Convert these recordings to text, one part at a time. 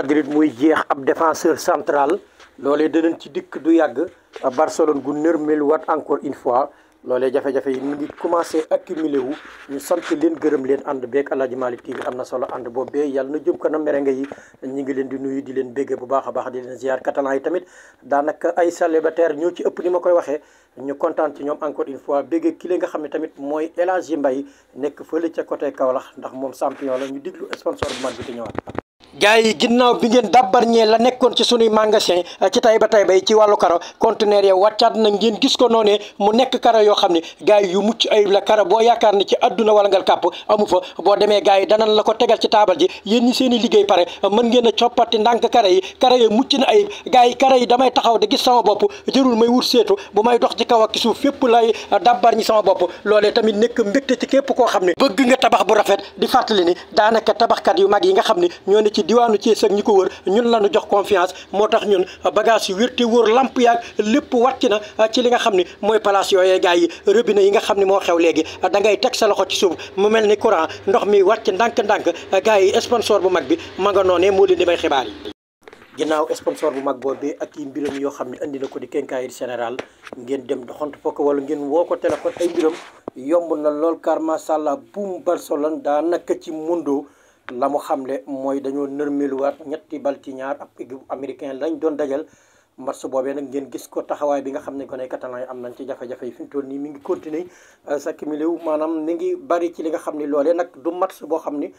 Madrid muy jeex ab défenseur centrale loolee danañ ci dikk du yàgg Barcelone gu nërmel waat encore une fois loolee jafe-jafe yi mu ngi commencé accumulé wu ñu sant leen gërëm leen ànd beeg Aladji Malick TV am na solo ànd boobee yàlla na jëm kanam merengue yi ñu ngi leen di nuyu di leen béggee bu baax a baax di leen ziar catalan yi tamit daanaka ay célibataire ñoo ci ëpp ni ma koy waxee ñu kontaan ci ñoom encore une fois béggee ki la nga xam ne tamit mooy El Hadji Mbaye nekk ca côté Kaolack ndax moom champion la ñu diglu sponsor bu mag bi di gars yi ginnaaw bi ngeen dabarñee la nekkoon ci sunuy magasin ci Taïba Taïba yi ci wàllu karo conteneur ya wàccaat na ngeen gis ko noonee mu nekk karo yoo xam ne gars yi yu mucc ayib la karo boo yaakaar ne ci adduna wala ngal kàpp amu fa boo demee gars yi danañ la ko tegal ci taabal ji yéen ñi seen liggéey pare mën ngeen a coppati ndànk karo yi karo yi mucc na ayib gars yi karo yi damay taxaw da gis sama bopp jërul may wut seetu bu may dox ci kaw a suuf fépp lay dabbar ñi sama bopp loolee tamit nekk mbégte ci képp koo xam ne bëgg nga tabax bu rafet di fàttali daanaka tabaxkat yu mag yi nga xam ne diwaanu Thiès ak ñi ko wër ñun la ñu jox confiance moo tax ñun bagage yu wér te wóor lamp yaag lépp wàcc na ci li nga xam ne mooy place yooyee gars yi robinet yi nga xam ne moo xew léegi da ngay teg sa loxo ci suuf mu mel ni courant ndox mi wàcc ndànk-ndànk gars yi sponsor bu mag bi ma nga noonee moo leen di may xibaar yi ginnaaw sponsor bu mag boobee ak yi mbiram yoo xam ne indi na ko di kenkaay général ngeen dem doxant fokk wala ngeen woo ko téléphone ay mbiram yomb na lool car masha Allah buum barcelone daa nak ci mundo la mu xamle mooy dañoo nërmeluwaat ñetti bal ci ñaar ab américain lañ doon dajal match boobee nag ngeen gis ko taxawaay bi nga xam ne gone catalan yi am nañ ci jafe-jafe yi fi nii mi ngi continuer euh, s'accumuler wu maanaam mi ngi bari ci li nga xam ni loolee nag du match boo xam ni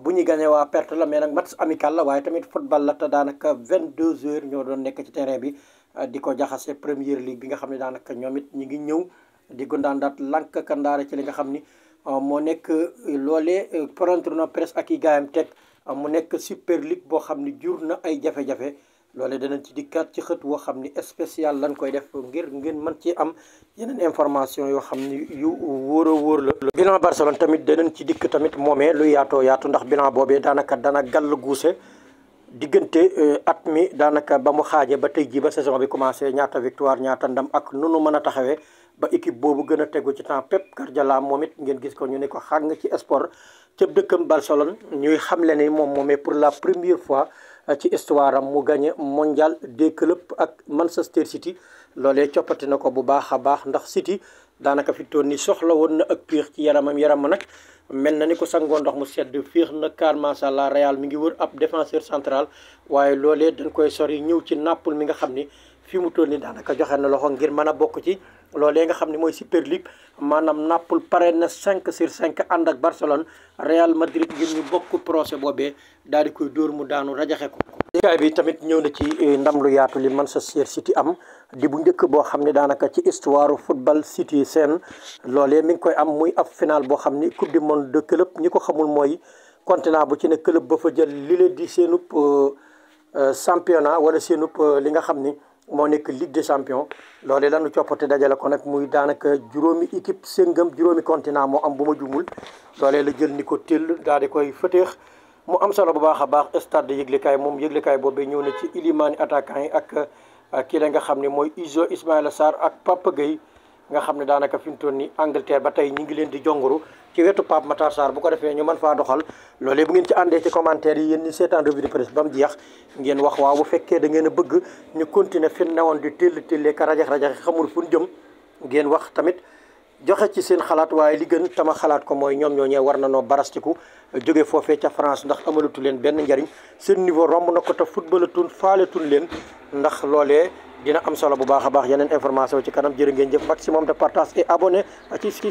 bu ñu ganee waa perte la mais nag match amical la waaye tamit football la te daanaka 22 heures ñoo doon nekk ci terrain bi euh, di ko jaxase première ligue bi nga xam ne daanaka ñoom it ñu ngi ñëw di gondaandaat lank kandaare ci li nga xam ni Euh, moo nekk euh, loole euh, prontre na presse ak i gaayam teg mu nekk super ligue boo xam ni jur na ay jafe-jafe loole danañ ci dikkaat ci xët woo xam ni spécial lañ koy def ngir ngeen mën ci am yeneen information yoo xam ni yu wóor a wóor la bilan Barcelone tamit danañ ci dikk tamit moomee lu yaatoo yaatu ndax bilan boobee daanaka dana gàll guuse diggante euh, at mi daanaka ba mu xaajee ba tey jii ba saison bi commencé ñaata victoire ñaata ndam ak nu nu mën a taxawee ba équipe boobu gën a tegu ci temps Pep Guardiola moom it ngeen gis ko ñu ne ko nga ci sport ca dëkkam Barcelone ñuy xamle ni moom moomee pour la première fois euh, ci histoire am mu gagné mondial des clubs ak Manchester City. loole coppati na ko bu baax a baax ndax City daanaka fi toon ni soxla woon na ak piix ci yaramam yaram nag mel na ni ko sangoo ndox mu sedd fiix na car macha allah Real mi ngi wër ab défenseur centrale waaye loole dañ koy sori ñëw ci Naples mi nga xam ni fi mu toll ni daanaka joxe na loxo ngir mën a bokk ci loolee nga xam ne mooy Super League maanaam Naples pare na cinq sur cinq ànd ak Barcelone Real Madrid ngir ñu bokk procès boobee daal di koy dóor mu daanu rajaxe ko. bi tamit ñëw na ci eh, ndam lu yaatu li Manchester City am. di bu njëkk boo xam ne daanaka ci histoire football city seen loole mi ngi koy am muy ab final boo xam ni coupe du monde de club ñi ko xamul mooy continent bu ci ne club ba fa jël li leen di seenub euh, euh, championnat wala seenub euh, li nga xam ni moo nekk ligue des champions loolee lañu coppate dajale ko nag muy daanaka juróomi équipe séngam juróomi continent moo am bu ma jumul loolee la jël ni ko téll daal di koy fëteex mu am solo bu baax a baax stade yëglekaay moom yëglekaay boobee ñëw na ci ilimaani attaquant yi ak kii la nga xam ne mooy Izo Ismaïla Sarr ak Papa Gueye nga xam ne daanaka fi mu toll nii Angleterre ba tey ñu ngi leen di jonguru ci wetu Pape mata Sarr bu ko defee ñu mën faa doxal loolee bu ngeen ci àndee ci commentaire yi yéen ñi seetaan revue de presse ba mu ngeen wax waaw bu fekkee dangeen a bëgg ñu continuer fi newoon di téll télle ka rajax rajax xamul fu jëm ngeen wax tamit joxe ci seen xalaat waaye li gën tama xalaat ko mooy ñoom ñoo ñee war na noo barastiku jóge foofee ca France ndax amalatu leen benn njariñ seen niveau romb na ko te footballatun faaletul leen ndax loolee dina am solo bu baax a baax yeneen information ci kanam jërë ngeen jëf maximum de partage et abonné ci